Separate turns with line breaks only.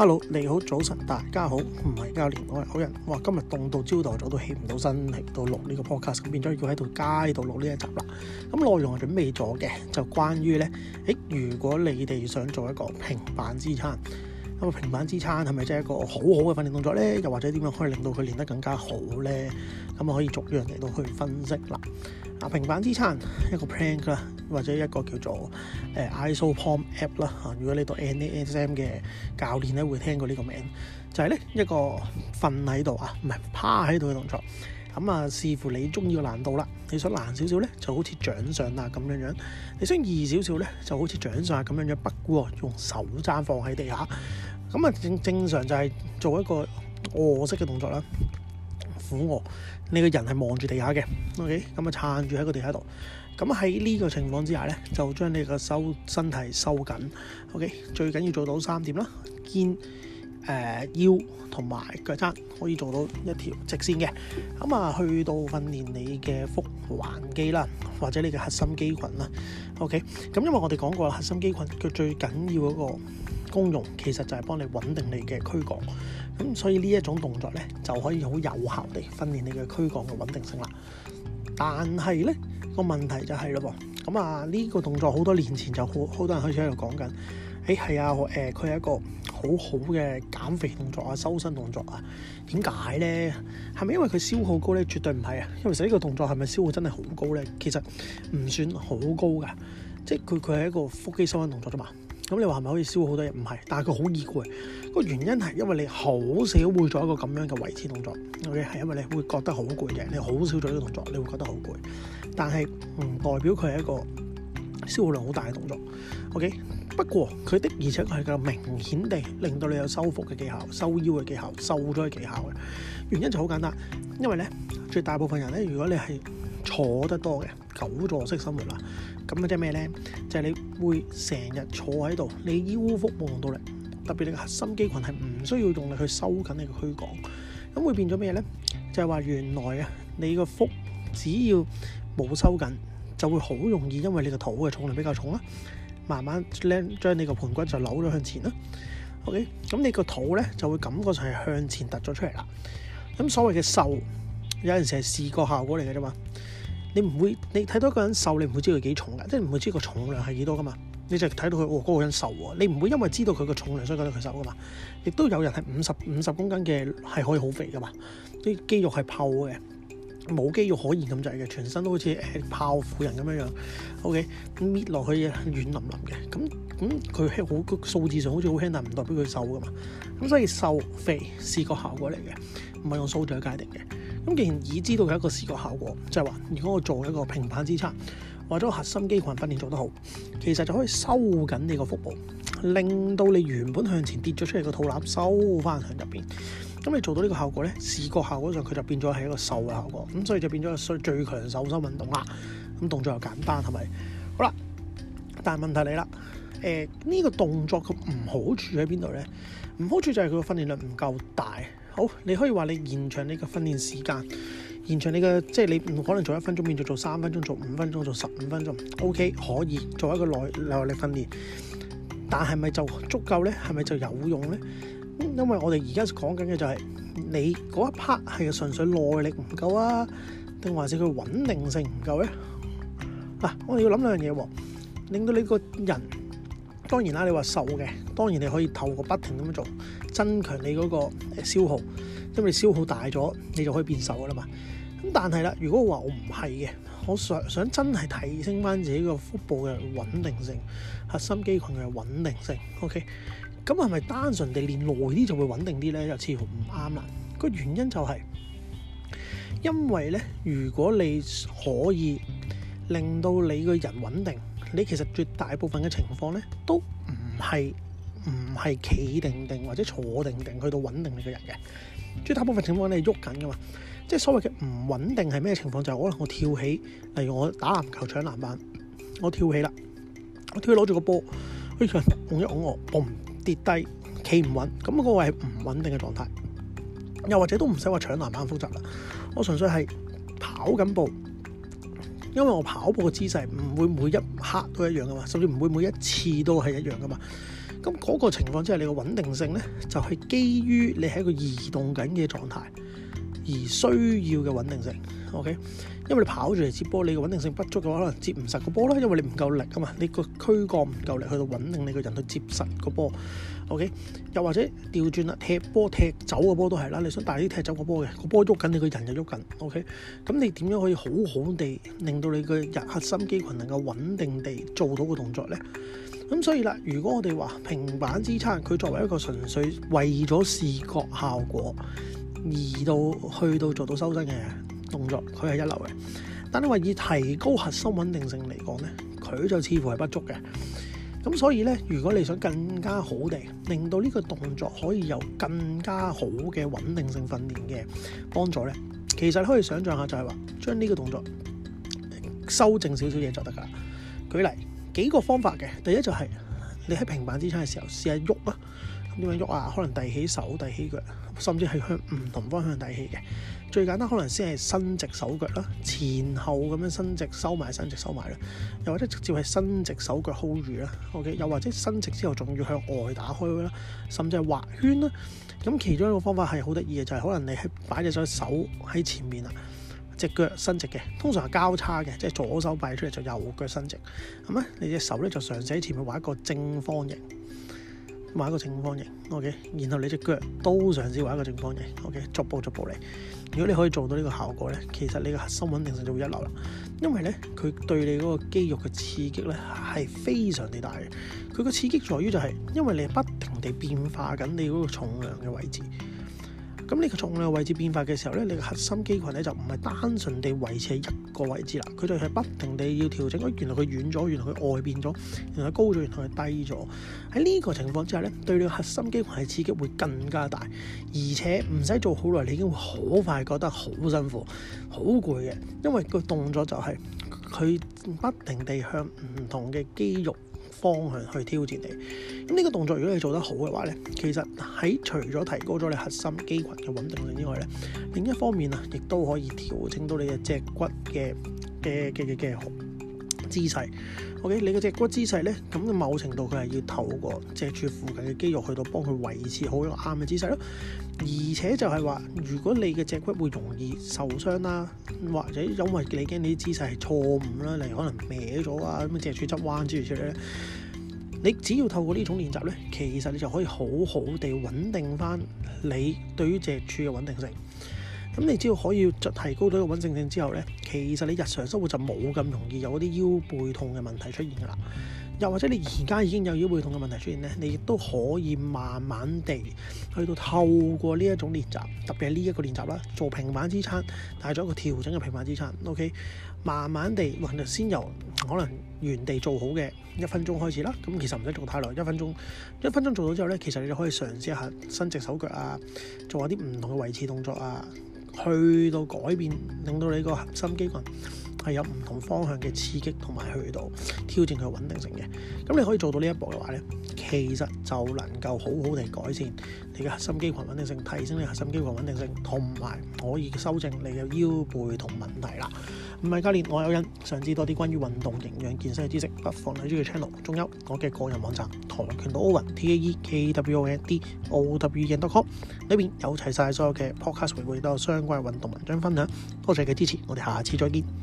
Hello，你好，早晨，大家好，唔係教練，我係好人。哇，今日凍到朝頭早都起唔到身嚟到錄呢個 podcast，咁變咗要喺度街度錄呢一集啦。咁內容我準備咗嘅，就關於呢：如果你哋想做一個平板支撐。一個平板支撐係咪真係一個好好嘅訓練動作咧？又或者點樣可以令到佢練得更加好咧？咁可以逐樣嚟到去分析啦。啊，平板支撐一個 plank 啦，或者一個叫做誒 iso p o m app 啦。啊，如果你讀 N A S M 嘅教練咧，會聽過呢個名，就係咧一個瞓喺度啊，唔係趴喺度嘅動作。咁啊，視乎你中意嘅難度啦。你想難少少咧，就好似掌上啊咁樣樣；你想易少少咧，就好似掌上啊咁樣樣。不過用手踭放喺地下，咁啊正正常就係做一個卧、呃、式嘅動作啦，俯、呃、卧。你個人係望住地下嘅，OK？咁啊撐住喺個地下度。咁喺呢個情況之下咧，就將你個收身體收緊，OK？最緊要做到三點啦，肩，腰同埋腳踭可以做到一條直線嘅，咁啊去到訓練你嘅腹橫肌啦，或者你嘅核心肌群啦。OK，咁因為我哋講過啦，核心肌群，佢最緊要嗰個功用其實就係幫你穩定你嘅軀幹，咁所以呢一種動作呢，就可以好有效地訓練你嘅軀幹嘅穩定性啦。但係呢個問題就係咯噃，咁啊呢個動作好多年前就好好多人開始喺度講緊，誒係啊，我佢係一個好好嘅減肥動作啊，修身動作啊，點解呢？係咪因為佢消耗高呢？絕對唔係啊！因為其實呢個動作係咪消耗真係好高呢？其實唔算好高㗎，即係佢佢係一個腹肌修身動作啫嘛。咁你話係咪可以消耗好多嘢？唔係，但係佢好易攰。個原因係因為你好少會做一個咁樣嘅維持動作，OK？係因為你會覺得好攰嘅，你好少做呢個動作，你會覺得好攰。但係唔代表佢係一個消耗量好大嘅動作，OK？不過佢的而且係比較明顯地令到你有收腹嘅技巧、收腰嘅技巧、收咗嘅技巧嘅原因就好簡單，因為咧，絕大部分人咧，如果你係坐得多嘅久坐式生活啦，咁即係咩咧，就係、是、你會成日坐喺度，你腰腹冇用到力，特別是你嘅核心肌群係唔需要用力去收緊你嘅軀幹，咁會變咗咩咧？就係、是、話原來啊，你個腹只要冇收緊，就會好容易因為你個肚嘅重量比較重啦。慢慢咧，將你個盆骨就扭咗向前啦。OK，咁你個肚咧就會感覺上係向前突咗出嚟啦。咁所謂嘅瘦，有陣時係視覺效果嚟嘅啫嘛。你唔會你睇到一個人瘦，你唔會知佢幾重㗎，即係唔會知個重量係幾多噶嘛。你就睇到佢哦，嗰個人瘦喎。你唔會因為知道佢個重量，所以覺得佢瘦㗎嘛。亦都有人係五十五十公斤嘅，係可以好肥㗎嘛。啲肌肉係泡嘅。冇肌肉可言咁滯嘅，全身都好似誒泡芙人咁樣樣。OK，搣落去軟腍腍嘅，咁咁佢輕好個數字上好似好輕，但唔代表佢瘦㗎嘛。咁所以瘦肥視覺效果嚟嘅，唔係用數字去界定嘅。咁既然已知道佢一個視覺效果，就係話，如果我做一個平板支撐，或者核心肌群訓練做得好，其實就可以收緊你個腹部，令到你原本向前跌咗出嚟個肚腩收翻向入邊。咁你做到呢個效果呢，視覺效果上佢就變咗係一個瘦嘅效果，咁所以就變咗係最最強瘦身運動啦。咁動作又簡單係咪？好啦，但係問題嚟啦，誒、呃、呢、呢個動作嘅唔好處喺邊度呢？唔好處就係佢嘅訓練量唔夠大。好，你可以話你延長你個訓練時間，延長你嘅，即係你唔可能做一分鐘，變咗做三分鐘，做五分鐘，做十五分鐘。O、OK, K 可以做一個耐耐力訓練，但係咪就足夠呢？係咪就有用呢？因為我哋而家講緊嘅就係你嗰一 part 係純粹耐力唔夠啊，定還是佢穩定性唔夠咧？嗱，我哋要諗兩樣嘢喎，令到你個人當然啦，你話瘦嘅，當然你可以透過不停咁樣做，增強你嗰個消耗，因為你消耗大咗，你就可以變瘦㗎喇嘛。咁但係啦，如果話我唔係嘅，我想想真係提升返自己個腹部嘅穩定性、核心肌群嘅穩定性，OK？咁係咪單純地練耐啲就會穩定啲呢？又似乎唔啱啦。個原因就係、是、因為呢，如果你可以令到你個人穩定，你其實絕大部分嘅情況呢都唔係唔係企定定或者坐定定去到穩定你個人嘅。絕大部分的情況你係喐緊噶嘛，即係所謂嘅唔穩定係咩情況？就係、是、可能我跳起，例如我打籃球搶籃板，我跳起啦，我跳起攞住個波，哎呀，拱一拱我。嘣！跌低企唔穩，咁嗰位係唔穩定嘅狀態。又或者都唔使話搶籃板複雜啦，我純粹係跑緊步，因為我跑步嘅姿勢唔會每一刻都一樣噶嘛，甚至唔會每一次都係一樣噶嘛。咁、那、嗰個情況之下你個穩定性呢，就係、是、基於你喺一個移動緊嘅狀態。而需要嘅穩定性，OK，因為你跑住嚟接波，你嘅穩定性不足嘅話，可能接唔實個波啦，因為你唔夠力啊嘛，你個軀幹唔夠力，去到穩定你個人去接實個波，OK，又或者調轉啦，踢波踢走個波都係啦，你想大啲踢走個波嘅，個波喐緊，你個人又喐緊，OK，咁你點樣可以好好地令到你個日核心肌群能夠穩定地做到個動作呢？咁所以啦，如果我哋話平板支撐，佢作為一個純粹為咗視覺效果。移到去到做到修身嘅動作，佢係一流嘅。但係話以提高核心穩定性嚟講呢，佢就似乎係不足嘅。咁所以呢，如果你想更加好地令到呢個動作可以有更加好嘅穩定性訓練嘅幫助呢，其實你可以想象下就係話將呢個動作修正少少嘢就得㗎喇。舉例幾個方法嘅，第一就係你喺平板支撐嘅時候試下喐啊。點樣喐啊？可能遞起手、遞起腳，甚至係向唔同方向遞起嘅。最簡單可能先係伸直手腳啦，前後咁樣伸直收埋、伸直收埋啦。又或者直接係伸直手腳 hold 住啦。O.K. 又或者伸直之後仲要向外打開啦，甚至係畫圈啦。咁其中一個方法係好得意嘅，就係、是、可能你擺隻手喺前面啦，隻腳伸直嘅，通常係交叉嘅，即係左手擺出嚟就右腳伸直。咁咧，你隻手咧就嘗試喺前面畫一個正方形。畫一個正方形，OK，然後你隻腳都嘗試畫一個正方形，OK，逐步逐步嚟。如果你可以做到呢個效果呢，其實你個核心穩定性就會一流啦。因為呢，佢對你嗰個肌肉嘅刺激呢係非常地大嘅。佢個刺激在於就係，因為你係不停地變化緊你嗰個重量嘅位置。咁你個重量位置變化嘅時候咧，你個核心肌群咧就唔係單純地維持喺一個位置啦，佢就係不停地要調整。原來佢遠咗，原來佢外變咗，原來佢高咗，原來佢低咗。喺呢個情況之下咧，對你個核心肌群嘅刺激會更加大，而且唔使做好耐，你已經會好快覺得好辛苦、好攰嘅，因為個動作就係、是、佢不停地向唔同嘅肌肉。方向去挑戰你，咁呢個動作如果你做得好嘅話呢，其實喺除咗提高咗你核心肌群嘅穩定性之外呢，另一方面啊，亦都可以調整到你嘅脊骨嘅嘅嘅嘅嘅。姿勢，OK，你嘅脊骨姿勢呢，咁某程度佢係要透過脊柱附近嘅肌肉去到幫佢維持好一個啱嘅姿勢咯。而且就係話，如果你嘅脊骨會容易受傷啦，或者因為你驚你啲姿勢係錯誤啦，例如可能歪咗啊，咁脊柱側彎之類之類咧，你只要透過呢種練習呢，其實你就可以好好地穩定翻你對於脊柱嘅穩定性。咁你只要可以提高到個穩定性之後呢，其實你日常生活就冇咁容易有嗰啲腰背痛嘅問題出現㗎啦。又或者你而家已經有腰背痛嘅問題出現呢，你亦都可以慢慢地去到透過呢一種練習，特別係呢一個練習啦，做平板支撐，帶咗一個調整嘅平板支撐。OK，慢慢地，先由可能原地做好嘅一分鐘開始啦。咁其實唔使做太耐，一分鐘，一分鐘做到之後呢，其實你就可以嘗試一下伸直手腳啊，做下啲唔同嘅維持動作啊。去到改變，令到你個核心肌群係有唔同方向嘅刺激，同埋去到挑戰佢穩定性嘅。咁你可以做到呢一步嘅話呢，其實就能夠好好地改善你嘅核心肌群穩定性，提升你核心肌群穩定性，同埋可以修正你嘅腰背痛問題啦。唔係教練，我有癮，想知多啲關於運動營養健身嘅知識，不妨睇住個 channel，仲有我嘅個人網站跆拳道歐文 t a e k w o n d o w n dot com，裏面有齊晒所有嘅 podcast 回顧，亦都有相關嘅運動文章分享。多謝你嘅支持，我哋下次再見。